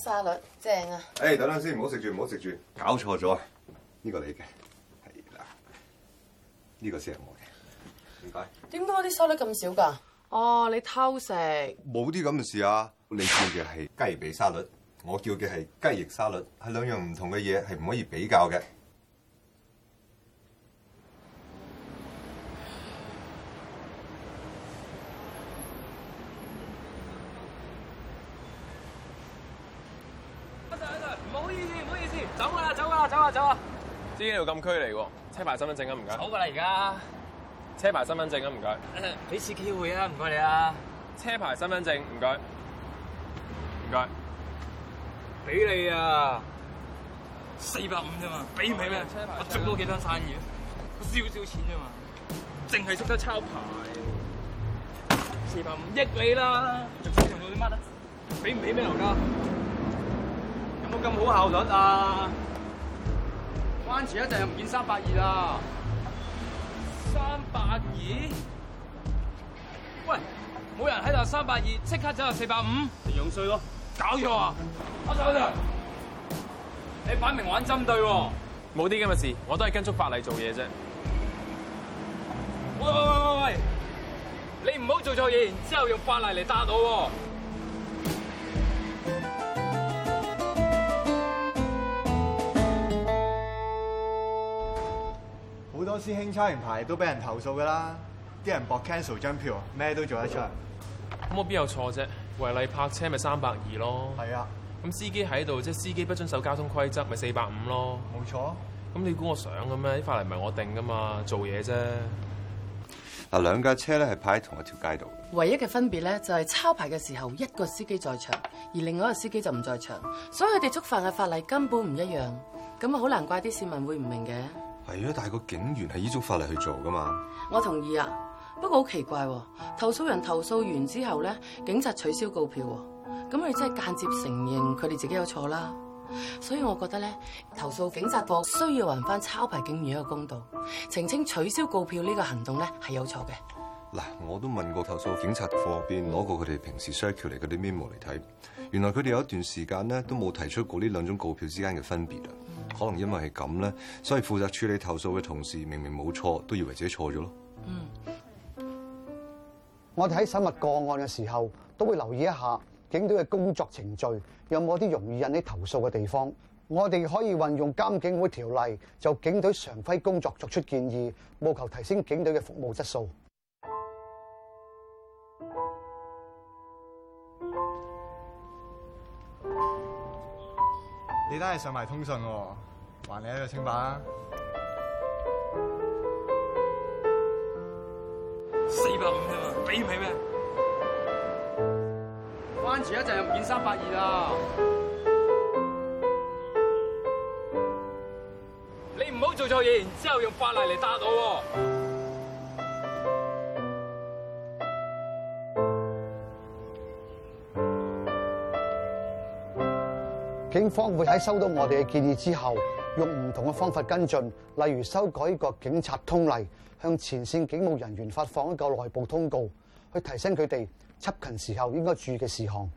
沙律正啊！哎，hey，等等，先，唔好食住，唔好食住，搞錯咗啊！呢、這個你嘅係啦，呢個先係我嘅，唔該。點解我啲沙律咁少噶？哦，oh，你偷食？冇啲咁嘅事啊！你叫嘅係雞髀沙律，我叫嘅係雞翼沙律，係兩樣唔同嘅嘢，係唔可以比較嘅。走啦，走啦，走啊，走啊！資度禁區嚟喎，車牌、身份證啊，唔該。好噶啦，而家。車牌、身份證啊，唔該。俾次機會啊，唔該你啊。車牌、身份證，唔該，唔該。俾你啊，四百五啫嘛，俾唔俾咩？我做到幾多生意，少少錢啫嘛，淨係識得抄牌，四百五億你啦。做市場做啲乜啊？俾唔俾咩樓價？冇咁好效率啊！關前一陣又唔見三百二啦，三百二？喂，冇人喺度三百二，即刻走入四百五，用衰咯！搞錯著啊！我走啦！啊啊、你擺明玩針對喎，啊！冇啲咁嘅事，我都係跟足法例做嘢啫。喂喂喂喂喂！你唔好做錯嘢，然之後用法例嚟打我喎，啊！好多師兄抄完牌都俾人投訴嘅啦，啲人博 cancel 張票，咩都做得出。咁我邊有錯啫？違例泊車咪三百二咯。係啊，咁司機喺度，即係司機不遵守交通規則，咪四百五咯。冇錯。咁你估我想嘅咩？啲法例唔係我定嘅嘛，做嘢啫。嗱，兩架車咧係排喺同一條街度。唯一嘅分別咧就係抄牌嘅時候，一個司機在場，而另外一個司機就唔在場，所以佢哋觸犯嘅法例根本唔一樣。咁啊，好難怪啲市民會唔明嘅。係啊，但係個警員係依照法例去做噶嘛。我同意啊，不過好奇怪，投訴人投訴完之後咧，警察取消告票，咁佢哋真係間接承認佢哋自己有錯啦。所以我覺得咧，投訴警察局需要還返抄牌警員一個公道，澄清取消告票呢個行動咧係有錯嘅。嗱，我都問過投訴警察局邊攞過佢哋平時 check 嚟嗰啲 memo 嚟睇，原來佢哋有一段時間咧都冇提出過呢兩種告票之間嘅分別啊。可能因為係咁咧，所以負責處理投訴嘅同事明明冇錯，都以為自己錯咗咯。嗯，我哋喺審核個案嘅時候，都會留意一下警隊嘅工作程序，有冇啲容易引起投訴嘅地方。我哋可以運用監警會條例，就警隊常規工作作出建議，務求提升警隊嘅服務質素。嗯。你都係上埋通訊喎，還你一個清白啊！四百五啊，俾唔俾咩？返住一陣變三百二啦！你唔好做錯嘢，然之後用法例嚟打我。警方會喺收到我哋嘅建議之後，用唔同嘅方法跟進，例如修改一個警察通例，向前線警務人員發放一個內部通告，去提醒佢哋執勤時候應該注意嘅事項，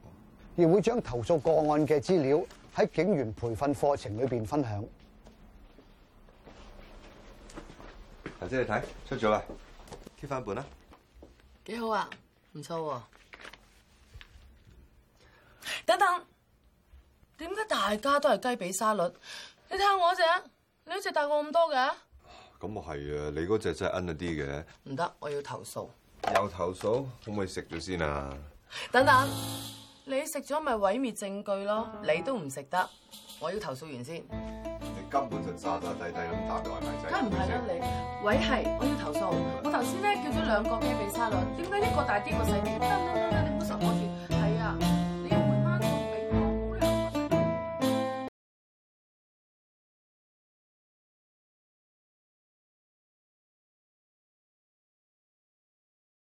而會將投訴個案嘅資料喺警員培訓課程裏邊分享。頭姐，你睇出咗啦，貼翻本啦，幾好啊，唔錯啊，等等。點解大家都係雞髀沙律？你睇下我隻啊，你隻大我咁多嘅。咁啊係啊，你嗰隻真係奀咗啲嘅。唔得，我要投訴。又投訴，可唔可以食咗先啊？等等，啊、你食咗咪毀滅證據咯？你都唔食得，我要投訴完先。你根本就詐詐諦諦咁打外賣仔。梗唔係啦，吃的 你喂係，我要投訴。我頭先咧叫咗兩個雞髀沙律，點解呢個大啲，一個細啲？唔得唔得唔得，你唔好食我住。係啊。